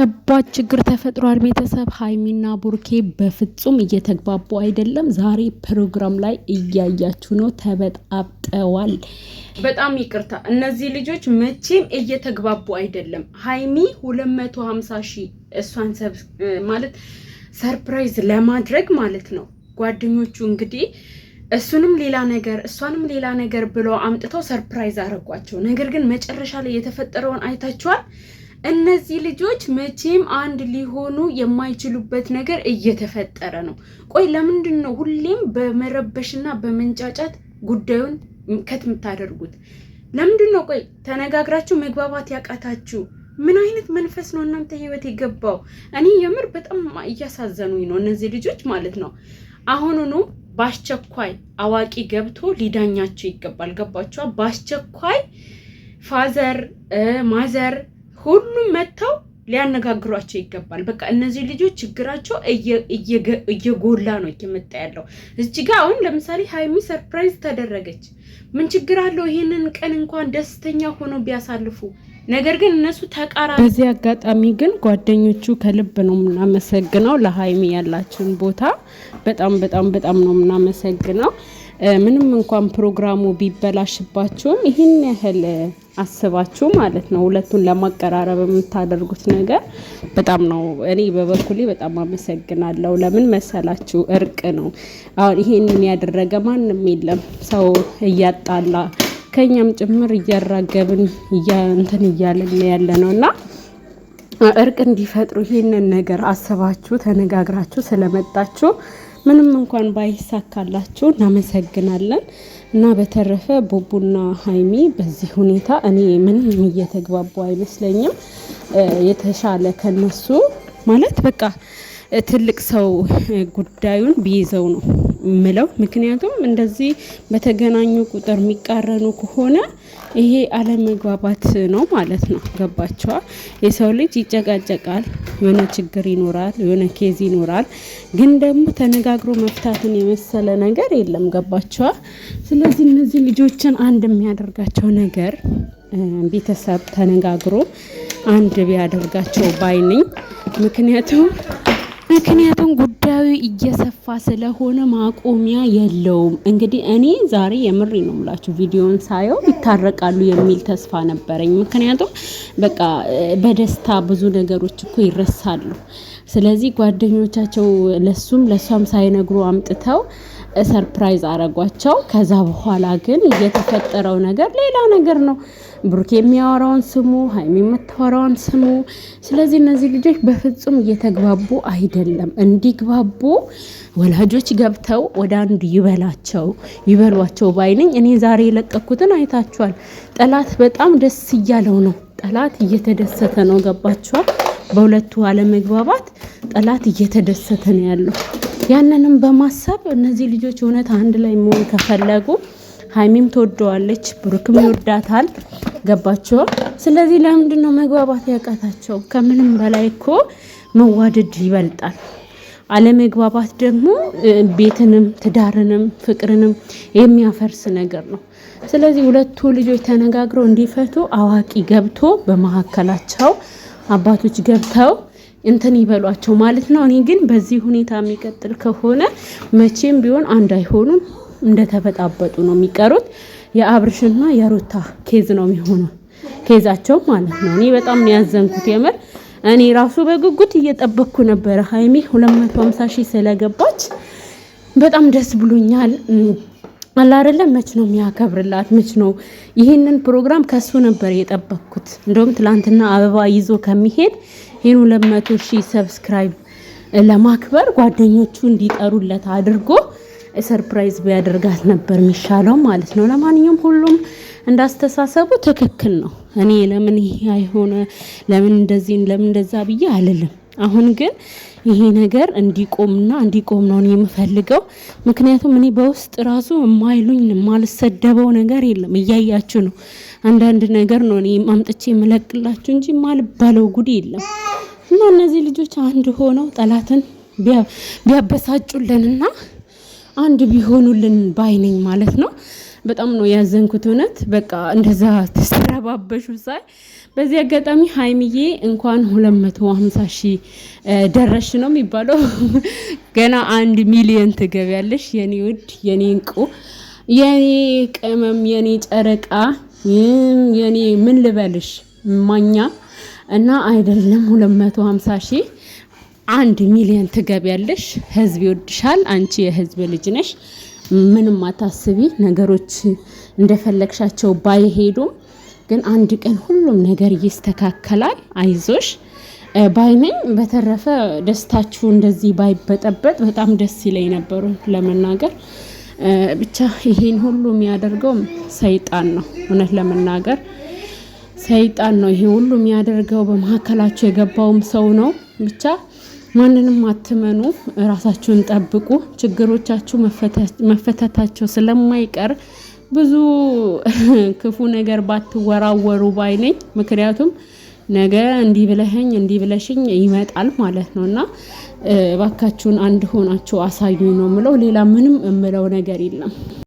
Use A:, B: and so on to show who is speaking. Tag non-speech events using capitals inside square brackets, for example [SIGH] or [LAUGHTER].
A: ከባድ ችግር ተፈጥሯል። ቤተሰብ ሀይሚና ቡርኬ በፍጹም እየተግባቡ አይደለም። ዛሬ ፕሮግራም ላይ እያያችሁ ነው፣ ተበጣብጠዋል። በጣም ይቅርታ፣ እነዚህ ልጆች መቼም እየተግባቡ አይደለም። ሀይሚ ሀምሳ ሺህ እሷን ማለት ሰርፕራይዝ ለማድረግ ማለት ነው። ጓደኞቹ እንግዲህ እሱንም ሌላ ነገር እሷንም ሌላ ነገር ብለው አምጥተው ሰርፕራይዝ አረጓቸው። ነገር ግን መጨረሻ ላይ የተፈጠረውን አይታችኋል። እነዚህ ልጆች መቼም አንድ ሊሆኑ የማይችሉበት ነገር እየተፈጠረ ነው። ቆይ ለምንድን ነው ሁሌም በመረበሽና በመንጫጫት ጉዳዩን ከት የምታደርጉት? ለምንድን ነው ቆይ ተነጋግራችሁ መግባባት ያቃታችሁ? ምን አይነት መንፈስ ነው እናንተ ህይወት የገባው? እኔ የምር በጣም እያሳዘኑኝ ነው እነዚህ ልጆች ማለት ነው። አሁኑኑ በአስቸኳይ አዋቂ ገብቶ ሊዳኛቸው ይገባል። ገባችኋ? በአስቸኳይ ፋዘር ማዘር ሁሉም መጥተው ሊያነጋግሯቸው ይገባል። በቃ እነዚህ ልጆች ችግራቸው እየጎላ ነው እየመጣ ያለው። እዚህ አሁን ለምሳሌ ሀይሚ ሰርፕራይዝ ተደረገች። ምን ችግር አለው? ይህንን ቀን እንኳን ደስተኛ ሆኖ ቢያሳልፉ። ነገር ግን እነሱ ተቃራ በዚህ አጋጣሚ ግን ጓደኞቹ ከልብ ነው የምናመሰግነው። ለሀይሚ ያላችን ቦታ በጣም በጣም በጣም ነው የምናመሰግነው። ምንም እንኳን ፕሮግራሙ ቢበላሽባችሁም ይህን ያህል አስባችሁ ማለት ነው ሁለቱን ለማቀራረብ የምታደርጉት ነገር በጣም ነው። እኔ በበኩሌ በጣም አመሰግናለሁ። ለምን መሰላችሁ? እርቅ ነው። አሁን ይሄንን ያደረገ ማንም የለም ሰው እያጣላ ከኛም ጭምር እያራገብን እንትን እያለን ያለ ነው እና እርቅ እንዲፈጥሩ ይህንን ነገር አስባችሁ ተነጋግራችሁ ስለመጣችሁ ምንም እንኳን ባይሳካላችሁ እናመሰግናለን። እና በተረፈ ቡቡና ሀይሚ በዚህ ሁኔታ እኔ ምንም እየተግባቡ አይመስለኝም። የተሻለ ከነሱ ማለት በቃ ትልቅ ሰው ጉዳዩን ቢይዘው ነው ምለው። ምክንያቱም እንደዚህ በተገናኙ ቁጥር የሚቃረኑ ከሆነ ይሄ አለመግባባት ነው ማለት ነው። ገባቸዋ። የሰው ልጅ ይጨቃጨቃል፣ የሆነ ችግር ይኖራል፣ የሆነ ኬዝ ይኖራል። ግን ደግሞ ተነጋግሮ መፍታትን የመሰለ ነገር የለም። ገባቸዋ። ስለዚህ እነዚህ ልጆችን አንድ የሚያደርጋቸው ነገር ቤተሰብ ተነጋግሮ አንድ ቢያደርጋቸው ባይነኝ ምክንያቱም ምክንያቱም ጉዳዩ እየሰፋ ስለሆነ ማቆሚያ የለውም። እንግዲህ እኔ ዛሬ የምሬ ነው የምላችሁ ቪዲዮን ሳየው ይታረቃሉ የሚል ተስፋ ነበረኝ። ምክንያቱም በቃ በደስታ ብዙ ነገሮች እኮ ይረሳሉ። ስለዚህ ጓደኞቻቸው ለሱም ለሷም ሳይነግሩ አምጥተው ሰርፕራይዝ አረጓቸው። ከዛ በኋላ ግን የተፈጠረው ነገር ሌላ ነገር ነው። ብሩክ የሚያወራውን ስሙ፣ ሀይሚ የምታወራውን ስሙ። ስለዚህ እነዚህ ልጆች በፍጹም እየተግባቡ አይደለም። እንዲግባቡ ወላጆች ገብተው ወደ አንዱ ይበላቸው ይበሏቸው ባይነኝ። እኔ ዛሬ የለቀኩትን አይታችኋል። ጠላት በጣም ደስ እያለው ነው። ጠላት እየተደሰተ ነው። ገባችኋል? በሁለቱ አለመግባባት ጠላት እየተደሰተ ነው ያለው። ያንንም በማሰብ እነዚህ ልጆች እውነት አንድ ላይ መሆን ከፈለጉ ሀይሚም ትወደዋለች፣ ብሩክም ይወዳታል። ገባቸው። ስለዚህ ለምንድን ነው መግባባት ያቃታቸው? ከምንም በላይ እኮ መዋደድ ይበልጣል። አለመግባባት ደግሞ ቤትንም ትዳርንም ፍቅርንም የሚያፈርስ ነገር ነው። ስለዚህ ሁለቱ ልጆች ተነጋግረው እንዲፈቱ አዋቂ ገብቶ በመካከላቸው አባቶች ገብተው እንትን ይበሏቸው ማለት ነው። እኔ ግን በዚህ ሁኔታ የሚቀጥል ከሆነ መቼም ቢሆን አንድ አይሆኑም፣ እንደተበጣበጡ ነው የሚቀሩት። የአብርሽና የሩታ ኬዝ ነው የሚሆነው ኬዛቸው ማለት ነው። እኔ በጣም ነው ያዘንኩት የምር እኔ ራሱ በጉጉት እየጠበቅኩ ነበረ። ሀይሚ 250 ሺህ ስለገባች በጣም ደስ ብሎኛል። አላ አይደለም መች ነው የሚያከብርላት? መች ነው ይህንን ፕሮግራም ከሱ ነበር የጠበቅኩት። እንደውም ትላንትና አበባ ይዞ ከሚሄድ ይህን ሁለት መቶ ሺህ ሰብስክራይብ ለማክበር ጓደኞቹ እንዲጠሩለት አድርጎ ሰርፕራይዝ ቢያደርጋት ነበር የሚሻለው ማለት ነው። ለማንኛውም ሁሉም እንዳስተሳሰቡ ትክክል ነው። እኔ ለምን ይሄ አይሆነ ለምን እንደዚህ ለምን እንደዛ ብዬ አልልም። አሁን ግን ይሄ ነገር እንዲቆምና እንዲቆም ነው የምፈልገው። ምክንያቱም እኔ በውስጥ ራሱ የማይሉኝ የማልሰደበው ነገር የለም። እያያችሁ ነው። አንዳንድ ነገር ነው እኔ ማምጥቼ የምለቅላችሁ እንጂ የማልባለው ጉድ የለም። እና እነዚህ ልጆች አንድ ሆነው ጠላትን ቢያበሳጩልንና አንድ ቢሆኑልን ባይነኝ ማለት ነው። በጣም ነው ያዘንኩት። እውነት በቃ እንደዛ ተስተረባበሹ ሳይ በዚህ አጋጣሚ ሀይሚዬ እንኳን 250 ሺህ ደረሽ ነው የሚባለው። [LAUGHS] ገና አንድ ሚሊዮን ትገቢያለሽ የኔ ውድ የኔ እንቁ የኔ ቅመም የኔ ጨረቃ የኔ ምን ልበልሽ ማኛ እና አይደለም 250 ሺህ አንድ ሚሊዮን ትገቢያለሽ። ህዝብ ይወድሻል። አንቺ የህዝብ ልጅ ነሽ። ምንም አታስቢ፣ ነገሮች እንደፈለግሻቸው ባይሄዱም ግን አንድ ቀን ሁሉም ነገር ይስተካከላል፣ አይዞሽ ባይነኝ። በተረፈ ደስታችሁ እንደዚህ ባይበጠበጥ በጣም ደስ ይለኝ ነበሩ ለመናገር ብቻ ይሄን ሁሉ የሚያደርገው ሰይጣን ነው። እውነት ለመናገር ሰይጣን ነው ይሄ ሁሉ የሚያደርገው። በመካከላቸው የገባውም ሰው ነው ብቻ ማንንም አትመኑ፣ ራሳችሁን ጠብቁ። ችግሮቻችሁ መፈታታቸው ስለማይቀር ብዙ [LAUGHS] ክፉ ነገር ባትወራወሩ ባይ ነኝ። ምክንያቱም ነገ እንዲህ ብለኸኝ እንዲህ ብለሽኝ ይመጣል ማለት ነው እና እባካችሁን አንድ ሆናችሁ አሳዩኝ ነው ምለው። ሌላ ምንም የምለው ነገር የለም።